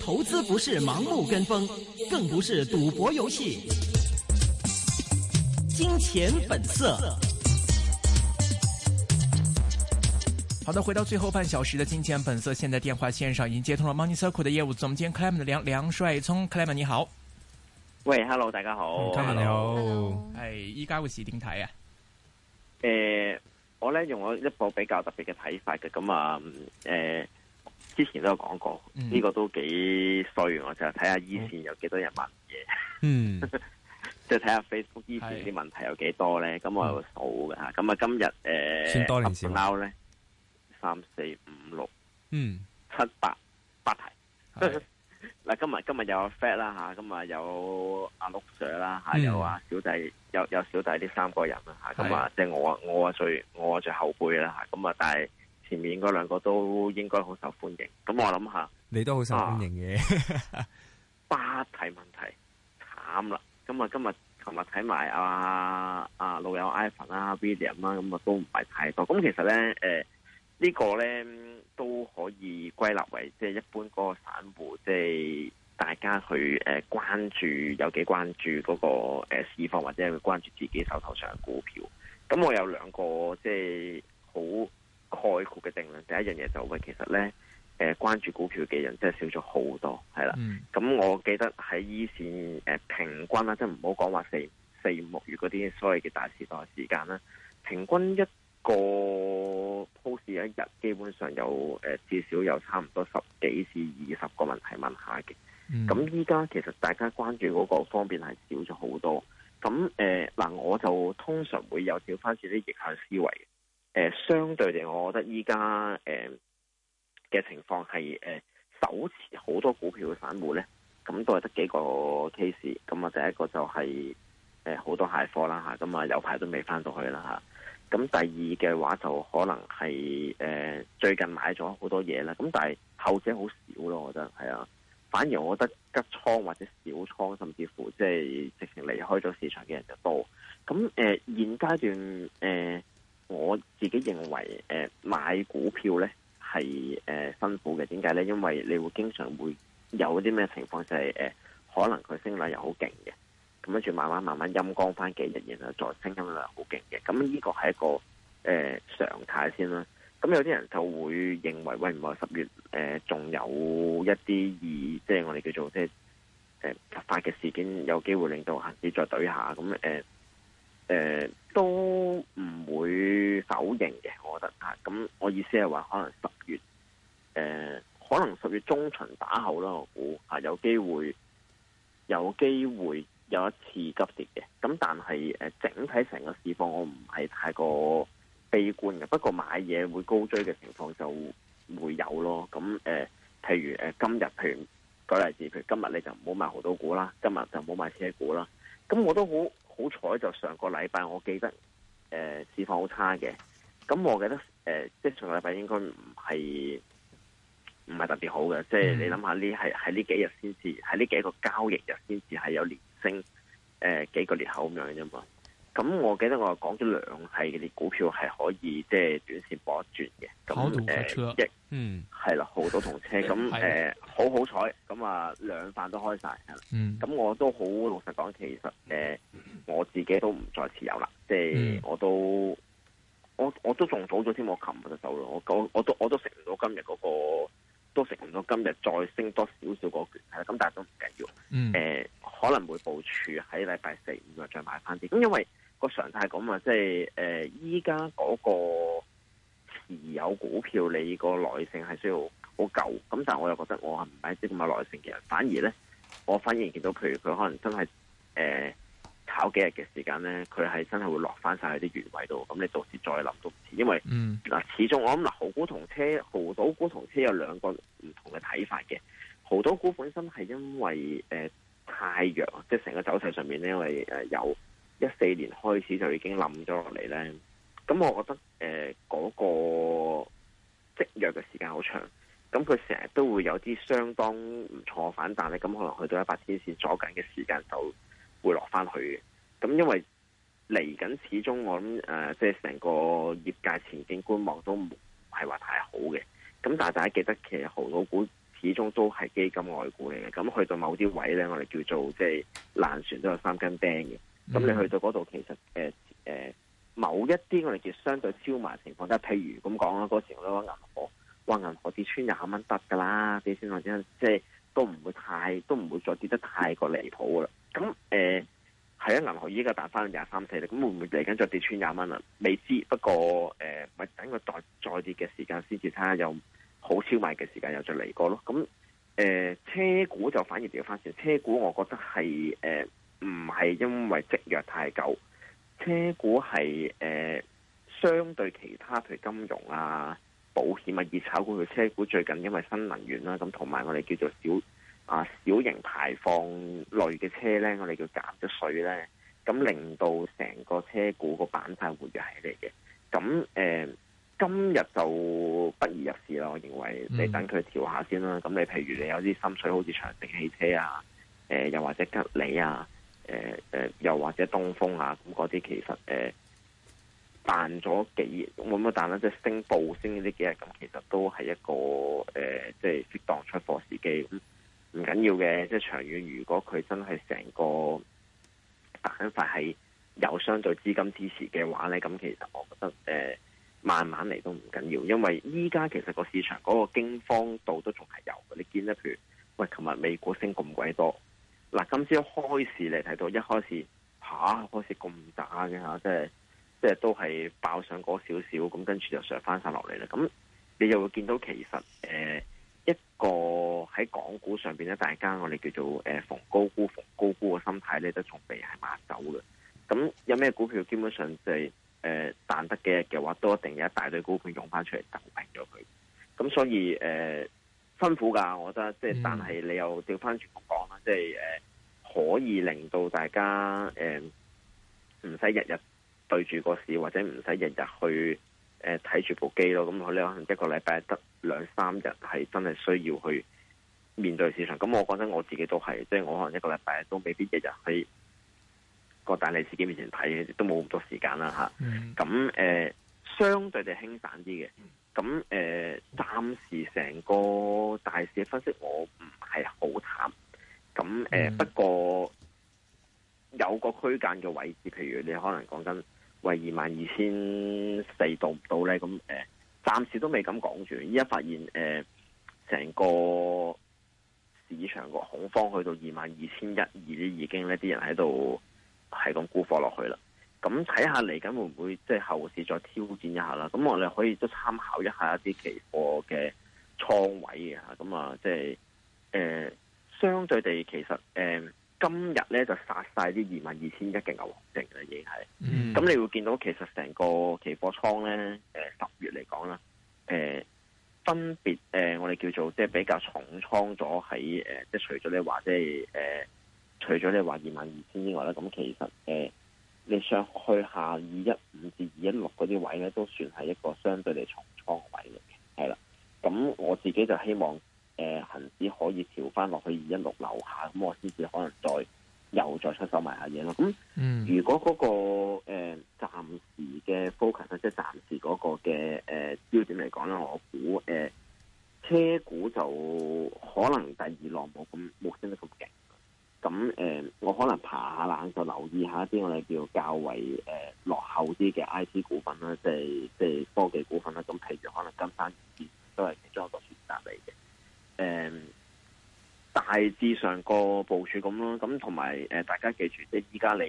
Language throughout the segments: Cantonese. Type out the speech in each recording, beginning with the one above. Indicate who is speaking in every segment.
Speaker 1: 投資不是盲目跟風，更不是賭博遊戲。金錢本色。好的，回到最後半小時的《金錢本色》，現在電話綫上已經接通了 Money Circle 的業務總監 Clement 梁梁帥聰 Clement 你好。喂，Hello，大家好，你好，e 哎，依家會是點睇
Speaker 2: 啊？我咧用我一部比較特別嘅睇法嘅，咁啊，誒、嗯欸、之前都有講過，呢、嗯、個都幾衰，我就睇下以前有幾多人問嘢，嗯，即係睇下 Facebook 以前啲問題有幾多咧，咁、嗯、我有數嘅嚇，咁啊今日誒，先多點少 now 咧三四五六，嗯，七八八題，嗱，今日今日有 Fat 啦今日有阿六 Sir 啦、嗯、有阿小弟，有有小弟呢三個人啦嚇，咁啊即係我我啊最我啊最後輩啦咁啊但係前面兩兩個都應該好受歡迎，咁的我諗下，
Speaker 1: 你都好受歡迎嘅，
Speaker 2: 八題、啊、 問題慘啦，咁啊今日琴日睇埋阿阿老友 Ivan 啦、啊、William 啦、啊，咁啊都唔係太多，咁其實咧這個呢個咧都可以歸納為即係、就是、一般嗰個散戶，即、就、係、是、大家去誒、呃、關注有幾關注嗰、那個誒、呃、市況，或者係佢關注自己手頭上嘅股票。咁我有兩個即係好概括嘅定論，第一樣嘢就係、是、其實咧誒、呃、關注股票嘅人真係少咗好多，係啦。咁、嗯、我記得喺依線誒平均啦、呃，即係唔好講話四四五六月嗰啲所謂嘅大時代時間啦，平均一，個 post 一日基本上有誒至少有差唔多十幾至二十個問題問下嘅，咁依家其實大家關注嗰個方面係少咗好多，咁誒嗱我就通常會有少翻少啲逆向思維，誒、呃、相對地我覺得依家誒嘅情況係誒手持好多股票嘅散戶咧，咁都係得幾個 case，咁啊第一個就係誒好多蟹貨啦吓，咁啊我有排都未翻到去啦吓。啊咁第二嘅話就可能係誒、呃、最近買咗好多嘢啦，咁但係後者好少咯，我覺得係啊。反而我覺得吉倉、或者小倉，甚至乎即係直情離開咗市場嘅人就多。咁誒、呃，現階段誒、呃，我自己認為誒、呃、買股票咧係誒辛苦嘅，點解咧？因為你會經常會有啲咩情況，就係、是、誒、呃、可能佢升啦又好勁嘅。咁跟住慢慢慢慢陰光翻幾日，然後再升音量，好勁嘅。咁呢個係一個誒、呃、常態先啦。咁有啲人就會認為，喂，唔係十月誒，仲有一啲二，即係我哋叫做即係誒突發嘅事件，有機會令到行市再懟下。咁誒誒都唔會否認嘅，我覺得嚇。咁、啊、我意思係話，可能十月誒、啊，可能十月中旬打後咧，我估係、啊、有機會，有機會。有一次急跌嘅，咁但係誒整體成個市況我唔係太過悲觀嘅，不過買嘢會高追嘅情況就會有咯。咁誒、呃，譬如誒今日，譬如舉例子，譬如今日你就唔好買好多股啦，今日就唔好買車股啦。咁我都好好彩，就上個禮拜我記得誒、呃、市況好差嘅，咁我記得誒、呃、即係上個禮拜應該唔係。唔係特別好嘅，即係你諗下，呢係喺呢幾日先至，喺呢幾個交易日先至係有連升，誒、呃、幾個裂口咁樣啫嘛。咁我記得我講咗兩，係啲股票係可以即係短線搏轉嘅，好多、呃嗯、同車，係啦，好多同車。咁誒好好彩，咁啊兩飯都開晒。嗯，咁我都好，老實講，其實誒、呃、我自己都唔再持有啦，即係、嗯、我都我我都仲早咗添，我琴日就走咗，我我都我都食唔到今日嗰、那個。都食唔到，今日再升多少少個券係啦，咁但係都唔緊要。誒、嗯、呃，可能會部署喺禮拜四五日再買翻啲。咁因為個常態咁啊，即係誒，依家嗰個持有股票，你個耐性係需要好夠。咁但係我又覺得我係唔係即係咁嘅耐性嘅人，反而咧，我反而見到佢，譬如佢可能真係誒，呃搞幾日嘅時間咧，佢係真係會落翻晒去啲原位度，咁你到時再諗都唔遲。因為嗱，嗯、始終我諗嗱，豪股同車，豪島股同車有兩個唔同嘅睇法嘅。豪島股本身係因為誒、呃、太弱，即係成個走勢上面咧，因為誒、呃、有一四年開始就已經冧咗落嚟咧。咁我覺得誒嗰、呃那個積弱嘅時間好長，咁佢成日都會有啲相當唔錯反彈咧。咁可能去到一百天線左近嘅時間就。會落翻去，咁因為嚟緊始終我諗誒，即係成個業界前景觀望都唔係話太好嘅。咁但係大家記得，其實濠賭股始終都係基金外股嚟嘅。咁去到某啲位咧，我哋叫做即係爛船都有三根釘嘅。咁、嗯、你去到嗰度，其實誒誒、呃，某一啲我哋叫相對超賣情況，即係譬如咁講啦，嗰時我都話銀河，話銀河跌穿廿蚊得噶啦，啲先或者即係都唔會太，都唔會再跌得太過離譜啦。咁誒。呃係啊，銀行依家彈翻廿三四咧，咁會唔會嚟緊再跌穿廿蚊啊？未知，不過誒，咪、呃、等佢再再跌嘅時間，先至睇下有好超賣嘅時間又再嚟過咯。咁誒、呃，車股就反而掉翻少，車股我覺得係誒，唔、呃、係因為積弱太久，車股係誒、呃、相對其他譬如金融啊、保險啊、熱炒股嘅車股，最近因為新能源啦，咁同埋我哋叫做小。啊，小型排放類嘅車咧，我哋叫減咗水咧，咁令到成個車股個板塊活躍起嚟嘅。咁誒、呃，今日就不宜入市咯。我認為你等佢調下先啦。咁你譬如你有啲心水，好似長城汽車啊，誒、呃，又或者吉利啊，誒、呃、誒，又或者東風啊，咁嗰啲其實誒、呃，彈咗幾冇乜彈啦、啊，即、就、係、是、升部升呢幾日，咁其實都係一個誒，即、呃、係、就是、適當出貨時機。唔緊要嘅，即係長遠。如果佢真係成個板塊係有相對資金支持嘅話咧，咁其實我覺得誒、呃，慢慢嚟都唔緊要。因為依家其實個市場嗰個驚慌度都仲係有嘅。你見得譬如，喂，琴日美股升咁鬼多，嗱，今朝開市嚟睇到一開市吓、啊，開市咁打嘅吓，即係即係都係爆上嗰少少，咁跟住就上翻晒落嚟啦。咁你又會見到其實誒。呃一個喺港股上邊咧，大家我哋叫做誒逢高沽、逢高沽嘅心態咧，都從未係抹走嘅。咁有咩股票，基本上就係誒彈得嘅嘅話，都一定有一大堆股票湧翻出嚟就平咗佢。咁所以誒、呃、辛苦噶，我覺得即係，就是嗯、但係你又調翻轉講啦，即係誒可以令到大家誒唔使日日對住個市，或者唔使日日去。誒，睇住部機咯，咁佢咧可能一個禮拜得兩三日係真係需要去面對市場。咁、嗯嗯、我覺得我自己都係，即係我可能一個禮拜都未必日日去個大利市機面前睇，都冇咁多時間啦吓。咁、嗯、誒、嗯嗯嗯，相對地輕散啲嘅。咁、嗯、誒，暫、嗯嗯、時成個大市分析我不是很，我唔係好淡。咁誒、嗯，不過有個區間嘅位置，譬如你可能講緊。為二萬二千四到唔到咧？咁誒，暫、呃、時都未敢講住。依家發現誒，成、呃、個市場個恐慌去到二萬二千一二，已經呢啲人喺度係咁沽貨落去啦。咁睇下嚟緊會唔會即係後市再挑戰一下啦？咁我哋可以都參考一下一啲期貨嘅倉位嘅吓。咁啊，即係誒、呃，相對地，其實誒。呃今日咧就殺晒啲二萬二千一嘅牛證啦，已經係，咁、嗯、你會見到其實成個期貨倉咧，誒、呃、十月嚟講啦，誒分別誒我哋叫做即係、就是、比較重倉咗喺誒，即係除咗你話即係誒，除咗你話二萬二千之外呢。咁其實誒、呃、你上去下二一五至二一六嗰啲位咧，都算係一個相對嘅重倉位嚟嘅，係啦，咁我自己就希望。誒恆指可以調翻落去二一六樓下，咁我先至可能再又再出手買下嘢咯。咁如果嗰個誒暫。部署咁咯，咁同埋誒，大家記住，即係依家你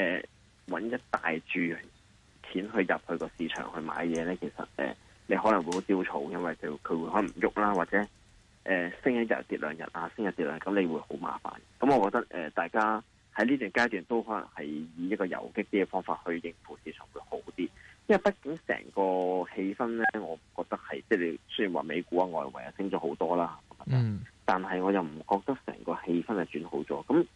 Speaker 2: 誒搵、呃、一大注錢去入去個市場去買嘢咧，其實誒、呃，你可能會好焦躁，因為就佢會可能唔喐啦，或者誒、呃、升一日跌兩日啊，升日跌兩日，咁你會好麻煩。咁我覺得誒、呃，大家喺呢段階段都可能係以一個遊擊啲嘅方法去應付市場會好啲，因為畢竟成個氣氛咧，我覺得係即係你雖然話美股啊外圍啊升咗好多啦。嗯，但係我又唔覺得成個氣氛係轉好咗。咁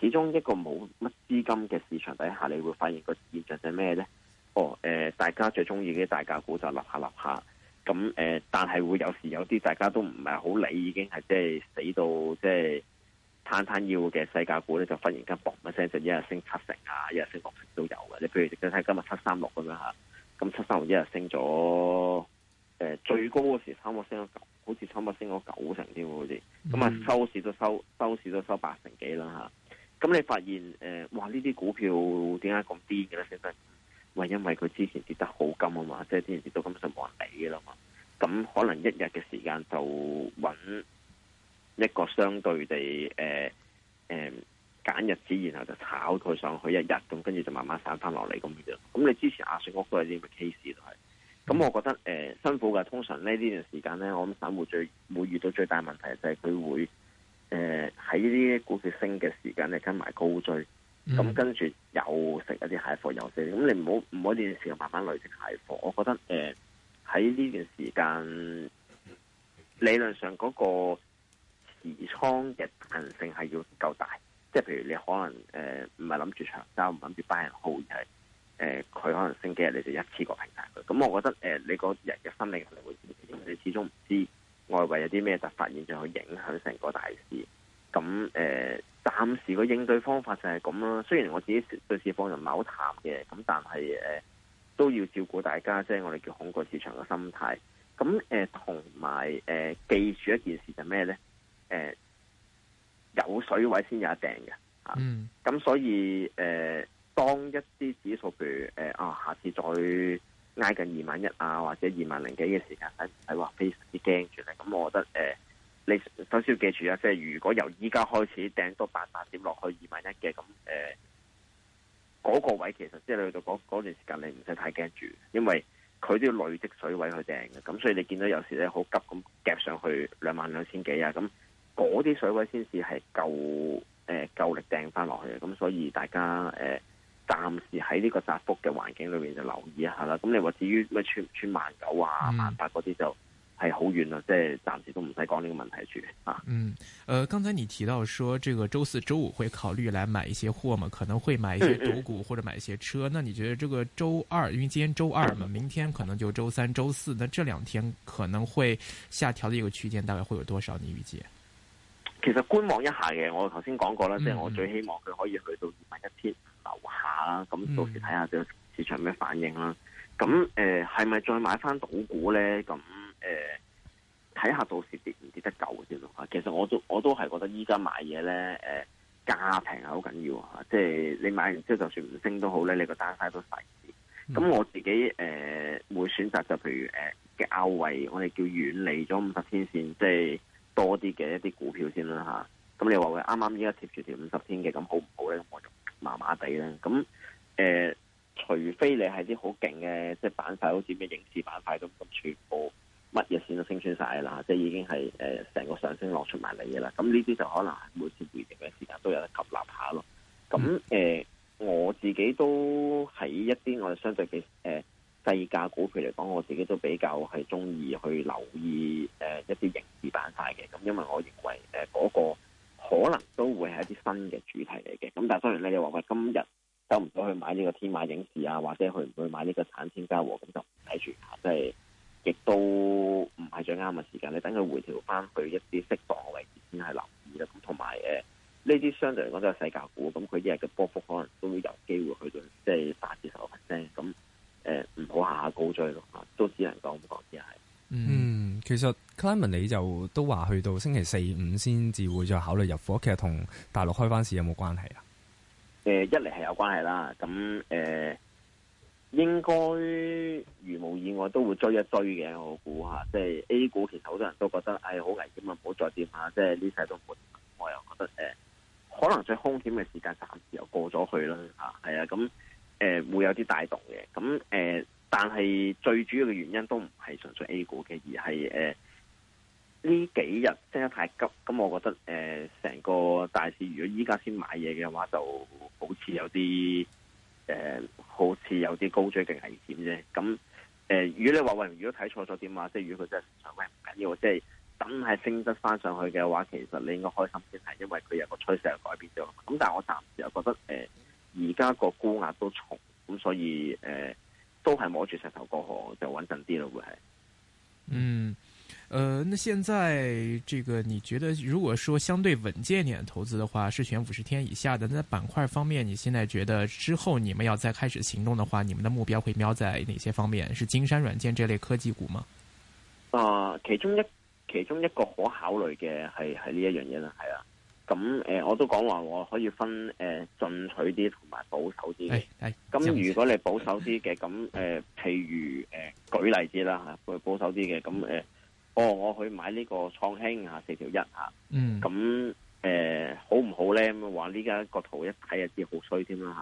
Speaker 2: 始終一個冇乜資金嘅市場底下，你會發現個現象係咩咧？哦，誒、呃，大家最中意嘅大價股就立下立下。咁誒、呃，但係會有時有啲大家都唔係好理，已經係即係死到即係攤攤要嘅細價股咧，就忽然間嘣一聲就一日升七成啊，一日升六成都有嘅。你譬如即係睇今日七三六咁樣吓，咁七三六一日升咗。最高嗰時候差唔多升咗九，好似差唔多升咗九成添，好似咁啊！收市都收，收市都收八成幾啦吓。咁你發現誒、呃，哇！呢啲股票點解咁癲嘅咧，先生？咪因為佢之前跌得好金啊嘛，即係之前跌到根本就冇人理嘅啦嘛。咁可能一日嘅時間就揾一個相對地誒誒揀日子，然後就炒佢上去一日，咁跟住就慢慢散返落嚟咁嘅。咁你之前亞信屋嗰啲咪 case 就係。咁我覺得誒、呃、辛苦嘅，通常呢呢段時間咧，我諗散戶最會遇到最大問題就係佢會誒喺呢啲股票升嘅時間，你跟埋高追，咁跟住又食一啲蟹貨，又食，咁你唔好唔好呢段時間慢慢累積蟹貨。我覺得誒喺呢段時間理論上嗰個持倉嘅彈性係要夠大，即係譬如你可能誒唔係諗住長交，唔諗住班人好，而誒，佢、呃、可能星期日，你就一次過平晒佢。咁我覺得，誒、呃，你個人嘅心理可能會，你始終唔知道外圍有啲咩突發現象去影響成個大市。咁誒，暫、呃、時個應對方法就係咁啦。雖然我自己對市況就唔係好淡嘅，咁但係誒、呃、都要照顧大家，即係我哋叫恐懼市場嘅心態。咁誒，同埋誒，記住一件事就係咩咧？誒、呃，有水位先有一定嘅。啊、嗯。咁所以誒。呃當一啲指數，譬如誒啊、呃，下次再挨近二萬一啊，或者二萬零幾嘅時間，係唔係話非常之驚住咧？咁我覺得誒、呃，你首先要記住啊，即係如果由依家開始掟多八百點落去二萬一嘅，咁誒嗰個位其實即係你去到嗰段時間，你唔使太驚住，因為佢都要累積水位去掟嘅。咁所以你見到有時咧，好急咁夾上去兩萬兩千幾啊，咁嗰啲水位先至係夠誒夠力掟翻落去嘅。咁所以大家誒。呃暫時喺呢個窄幅嘅環境裏面就留意一下啦。咁你話至於咩穿穿萬九啊、萬八嗰啲就係好遠啦，即
Speaker 1: 係暫時都唔使講呢個問題住啊。嗯，呃，剛才你提到說，這個週四、週五會考慮來買一些貨嘛，可能會買一些股、嗯、或者買一些車。嗯、那你覺得這個週二，因為今天週二嘛，嗯、明天可能就周三、周四，那這兩天可能會下調嘅一個區間大概會有多少？你預計？
Speaker 2: 其實觀望一下嘅，我頭先講過啦，即係、嗯、我最希望佢可以去到二萬一千。樓下啦，咁到時睇下個市場咩反應啦。咁誒、嗯，係咪、呃、再買翻賭股咧？咁誒，睇、呃、下到時跌唔跌得夠先咯。其實我都我都係覺得依、呃、家買嘢咧，誒，價平係好緊要吓。即係你買完之後就算唔升都好咧，你個單差都細啲。咁我自己誒、呃、會選擇就譬如誒嘅高位，呃、交我哋叫遠離咗五十天綫，即、就、係、是、多啲嘅一啲股票先啦吓。咁、啊、你話會啱啱依家貼住條五十天嘅咁好唔好咧？麻麻地啦，咁誒、呃，除非你係啲好勁嘅，即係板塊，好似咩影視板塊咁，咁全部乜嘢線都升穿晒啦，即係已經係誒成個上升浪出埋嚟嘅啦。咁呢啲就可能每次回調嘅時間都有得吸納下咯。咁誒、呃，我自己都喺一啲我哋相對嘅誒細價股票嚟講，我自己都比較係中意去留意誒、呃、一啲影視板塊嘅，咁因為我認為誒嗰、呃那個。可能都會係一啲新嘅主題嚟嘅，咁但係當然咧，你話喂，今日走唔到去買呢個天馬影視啊，或者去唔去買呢個產天家和，咁就唔睇住下，即係亦都唔係最啱嘅時間，你等佢回調翻去一啲適當嘅位置先係留意啦。咁同埋誒呢啲相對嚟講都係細價股，咁佢一日嘅波幅可能都有機會去到。
Speaker 1: Clement，你就都話去到星期四五先至會再考慮入貨，其實同大陸開翻市有冇關係啊？
Speaker 2: 呢幾日升得太急，咁我覺得誒，成、呃、個大市如果依家先買嘢嘅話，就好似有啲誒、呃，好似有啲高追嘅危險啫。咁誒、呃，如果你話喂，如果睇錯咗點啊？即係如果佢真、就是、係上歪唔緊要，即係等係升得翻上去嘅話，其實你應該開心先係，因為佢有個趨勢又改變咗。咁但係我暫時又覺得誒，而家個沽壓都重，咁所以誒、呃，都係摸住石頭過河就穩陣啲咯，會係。嗯。
Speaker 1: 呃，那現在這個你覺得，如果說相對穩健一點投資的話，是選五十天以下的？那在板塊方面，你現在覺得之後你們要再開始行動的話，你們的目標會瞄在哪些方面？是金山軟件這類科技股嗎？
Speaker 2: 啊，其中一其中一個可考慮嘅係係呢一樣嘢啦，係啊，咁誒、呃，我都講話我可以分誒、呃、進取啲同埋保守啲係
Speaker 1: 係。咁、哎哎、
Speaker 2: 如果你保守啲嘅，咁誒、呃，譬如誒、呃、舉例子啦吓，會保守啲嘅，咁誒。呃哦，我去買呢個創興啊，四條一啊，咁誒、嗯呃、好唔好咧？咁話呢家個圖一睇就知好衰添啦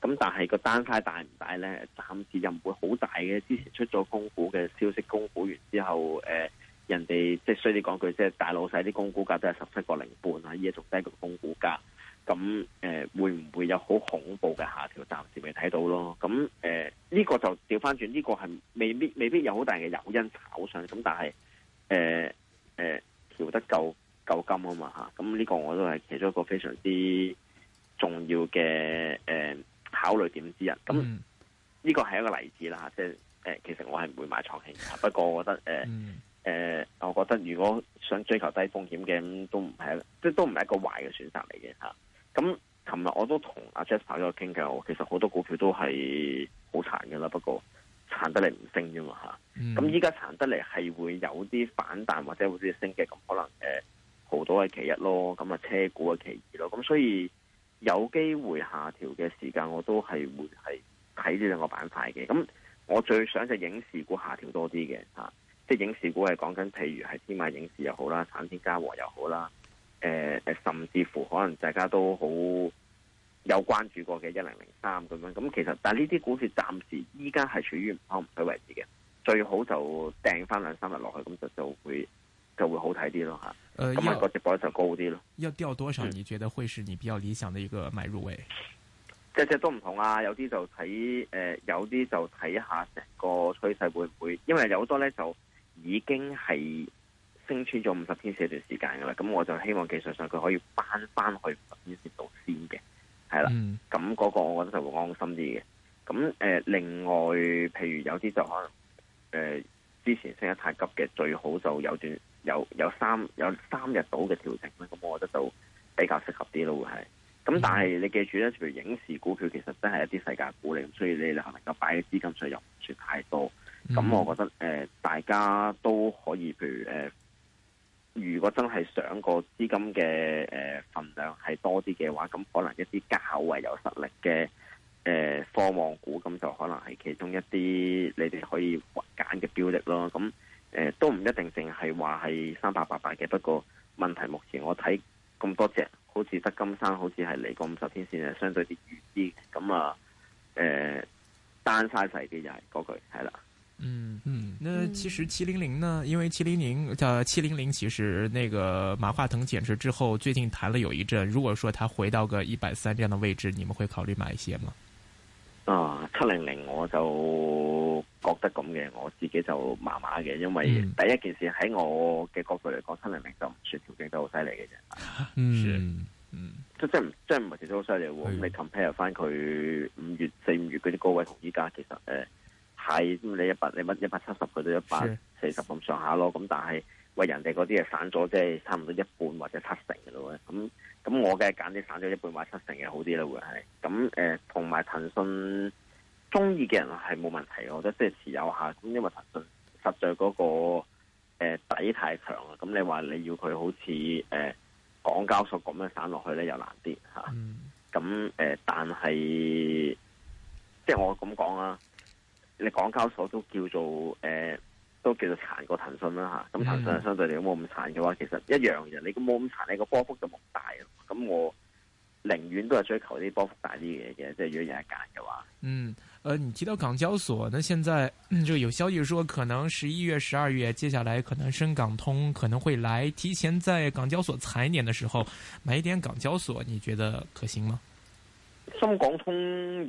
Speaker 2: 嚇。咁但係個單差大唔大咧？暫時又唔會好大嘅。之前出咗供股嘅消息，供股完之後，誒、呃、人哋即係衰啲講句，即係大老細啲供股價都係十七個零半啊，依家仲低過供股價。咁誒、呃、會唔會有好恐怖嘅下調？暫時未睇到咯。咁誒呢個就調翻轉，呢、這個係未必未必有好大嘅誘因炒上。咁但係。誒誒，調得夠夠金啊嘛吓，咁、這、呢個我都係其中一個非常之重要嘅誒考慮點之一。咁呢、嗯、個係一個例子啦，即係誒，其實我係唔會買創興嘅，不過我覺得誒、嗯、誒，我覺得如果想追求低風險嘅，咁都唔係，即係都唔係一個壞嘅選擇嚟嘅吓。咁琴日我都同阿 Jasper 喺度傾偈，我其實好多股票都係好殘噶啦，不過。殘得嚟唔升啫嘛嚇，咁依家殘得嚟係會有啲反彈或者好似升嘅，咁可能誒好、呃、多係其一咯，咁啊車股啊其二咯，咁所以有機會下調嘅時間我都係會係睇呢兩個板塊嘅，咁我最想就影視股下調多啲嘅嚇，即係影視股係講緊譬如係天馬影視又好啦，橙天嘉禾又好啦，誒、呃、誒甚至乎可能大家都好，有關注過嘅一零零三咁樣，咁其實但係呢啲股票暫時依家係處於唔上唔落位置嘅，最好就掟翻兩三日落去，咁就就會就會好睇啲咯吓，咁啊、呃、個值博就高啲咯。
Speaker 1: 要掉多少？你覺得會是你比較理想嘅一個買入位？
Speaker 2: 隻隻、嗯、都唔同啊！有啲就睇誒，有啲就睇下成個趨勢會唔會，因為有好多咧就已經係升穿咗五十天線一段時間噶啦。咁我就希望技術上佢可以翻翻去五十天線度先嘅。咁嗰、嗯、個我覺得就會安心啲嘅。咁誒、呃，另外，譬如有啲就可能，誒、呃，之前升得太急嘅，最好就有段有有三有三日到嘅調整咧。咁我覺得就比較適合啲咯，係。咁、嗯、但係你記住咧，譬如影視股票，其實真係一啲世界股嚟，所以你係咪能夠擺嘅資金上又唔算太多？咁、嗯、我覺得誒、呃，大家都可以譬如誒。呃如果真係想個資金嘅誒份量係多啲嘅話，咁可能一啲較為有實力嘅誒科網股，咁就可能係其中一啲你哋可以揀嘅標的咯。咁誒、呃、都唔一定淨係話係三百八百嘅，不過問題目前我睇咁多隻，好似德金生好似係嚟個五十天線係相對啲遠啲，咁啊誒、呃、單晒勢嘅就係嗰句係
Speaker 1: 啦。嗯嗯，嗯那其實七零零呢？因為七零零，七零零其實那個馬化騰減持之後，最近彈了有一陣。如果說他回到個一百三這樣的位置，你們會考慮買一些嗎？
Speaker 2: 啊，七零零我就覺得咁嘅，我自己就麻麻嘅，因為第一件事喺我嘅角度嚟講，七零零就唔算調整得好犀利嘅啫。嗯嗯，即即即唔係調得好犀利喎，咁你 compare 翻佢五月、四五月嗰啲高位同依家，其實誒。係，咁你一百你乜一百七十去到一百四十咁上下咯，咁但係喂，人哋嗰啲係散咗，即係差唔多一半或者七成嘅咯，咁咁我梗係揀啲散咗一半或者七成嘅好啲咯，會係，咁誒同埋騰訊中意嘅人係冇問題，我覺得即係持有一下，咁因為騰訊實在嗰個誒底太強啦，咁你話你要佢好似誒港交所咁樣散落去咧又難啲嚇，咁誒但係即係我咁講啊。嗯你港交所都叫做，誒、呃，都叫做殘過騰訊啦吓，咁騰訊相對嚟講冇咁殘嘅話，嗯、其實一樣嘅。你都冇咁殘，你個波幅就冇咁大。咁我寧願都係追求啲波幅大啲嘅嘢，即係讓人揀嘅話。嗯，誒、
Speaker 1: 呃，你提到港交所，那現在、嗯、就有消息說，可能十一月、十二月，接下來可能深港通可能會來，提前在港交所踩年嘅時候買一點港交所，你覺得可行嗎？
Speaker 2: 深港通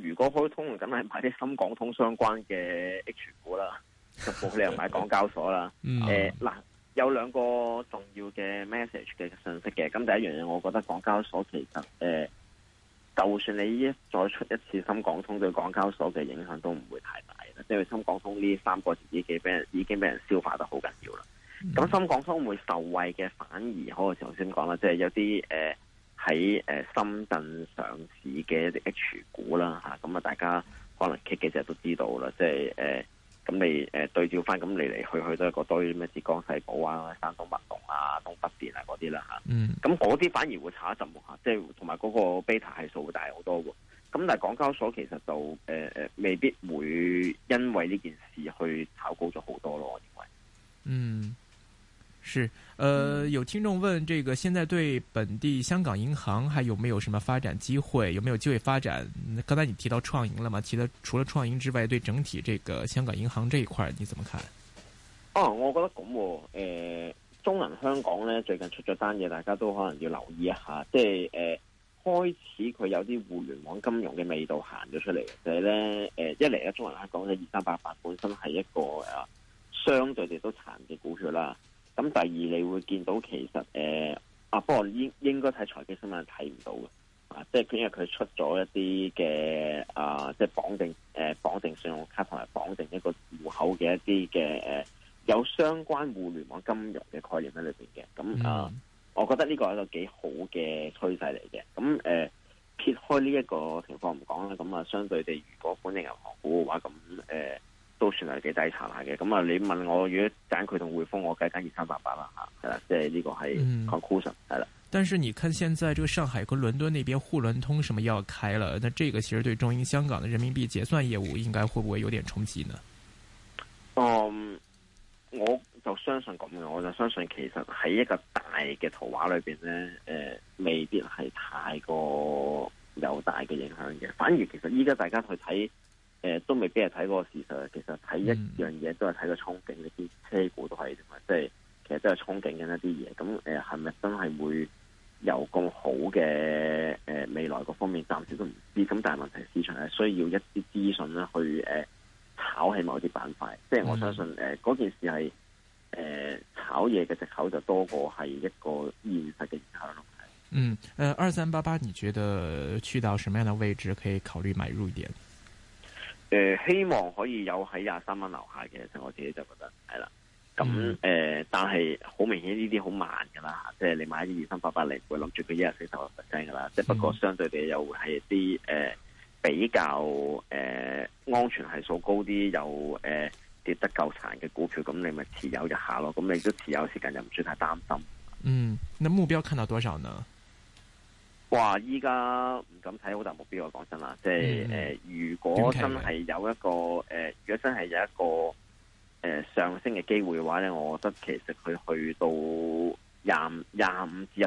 Speaker 2: 如果開通，梗係買啲深港通相關嘅 H 股啦，就冇理由買港交所啦。誒，嗱有兩個重要嘅 message 嘅信息嘅，咁第一樣嘢，我覺得港交所其實誒、呃，就算你依再出一次深港通對港交所嘅影響都唔會太大嘅，即係深港通呢三個字已經俾人已經俾人，人消化得好緊要啦。咁、嗯、深港通會受惠嘅反而可我頭先講啦，即、就、係、是、有啲誒。呃喺誒深圳上市嘅一啲 H 股啦嚇，咁啊大家可能 k i 嘅時都知道啦，即係誒咁你誒、呃、對照翻，咁嚟嚟去去都係嗰堆咩浙江世寶啊、山東墨龍啊、東北電啊嗰啲啦嚇，咁嗰啲反而會炒一陣喎，即係同埋嗰個 beta 係數會大好多喎。咁但係港交所其實就誒誒、呃、未必會因為呢件事去炒高咗好多咯，我認
Speaker 1: 為。嗯。是，呃，有聽眾問，這個現在對本地香港銀行還有沒有什麼發展機會？有沒有機會發展？剛才你提到創盈了嘛，提到除了創盈之外，對整體這個香港銀行這一塊你怎麼看？
Speaker 2: 哦，我覺得咁、哦，誒、呃，中銀香港呢，最近出咗單嘢，大家都可能要留意一下，即、就、係、是呃、開始佢有啲互聯網金融嘅味道行咗出嚟就係、是、咧、呃、一嚟中銀香港咧二三八八本身係一個、呃、相對地都殘嘅股票啦。咁第二，你會見到其實誒、呃、啊，不過應應該睇財經新聞睇唔到嘅，啊，即係因為佢出咗一啲嘅啊，即、就、係、是、綁定誒、呃、綁定信用卡同埋綁定一個戶口嘅一啲嘅誒，有相關互聯網金融嘅概念喺裏邊嘅。咁啊，嗯、我覺得呢個係一個幾好嘅趨勢嚟嘅。咁誒、呃，撇開呢一個情況唔講啦，咁啊，相對地，如果本地銀行股嘅話，咁誒。呃都算係幾低層下嘅，咁啊，你問我如果揀佢同匯豐，我梗係揀二三八八啦吓，係啦，即係呢個係
Speaker 1: conclusion，係啦。但是你看，現在這個上海跟倫敦那邊滬倫通什麼要開了，那這個其實對中英香港的人民幣結算業務，應該會不會有點衝擊呢？
Speaker 2: 嗯，我就相信咁樣，我就相信其實喺一個大嘅圖畫裏邊呢，誒、呃，未必係太過有大嘅影響嘅，反而其實依家大家去睇。誒、呃，都未必係睇嗰個事實。其實睇一樣嘢、嗯、都係睇個憧憬，你啲車股都係即係其實都係憧憬緊一啲嘢。咁誒，係、呃、咪真係會有咁好嘅誒、呃、未來各方面？暫時都唔知。咁但係問題，市場係需要一啲資訊啦，去、呃、誒炒起某啲板塊。即係、嗯、我相信誒嗰、呃、件事係誒、呃、炒嘢嘅借口就多過係一個現實嘅影響咯。嗯，
Speaker 1: 誒、呃，二三八八，你覺得去到什麼樣嘅位置可以考慮買入一點？
Speaker 2: 誒、呃，希望可以有喺廿三蚊樓下嘅，我自己就覺得係啦。咁誒、呃，但係好明顯呢啲好慢噶啦，即係你買啲二三八八嚟，會諗住佢一日四、十 percent 噶啦。即係、嗯、不過相對地又會係一啲誒、呃、比較誒、呃、安全係數高啲又誒跌得夠殘嘅股票，咁你咪持有一下咯。咁你都持有時間又唔算太擔心。嗯，
Speaker 1: 那目標看到多少呢？
Speaker 2: 哇，依家唔敢睇好大目標，我講真啦，即係誒，如果真係有一個誒、呃，如果真係有一個誒、呃呃、上升嘅機會嘅話咧，我覺得其實佢去到廿廿五之後。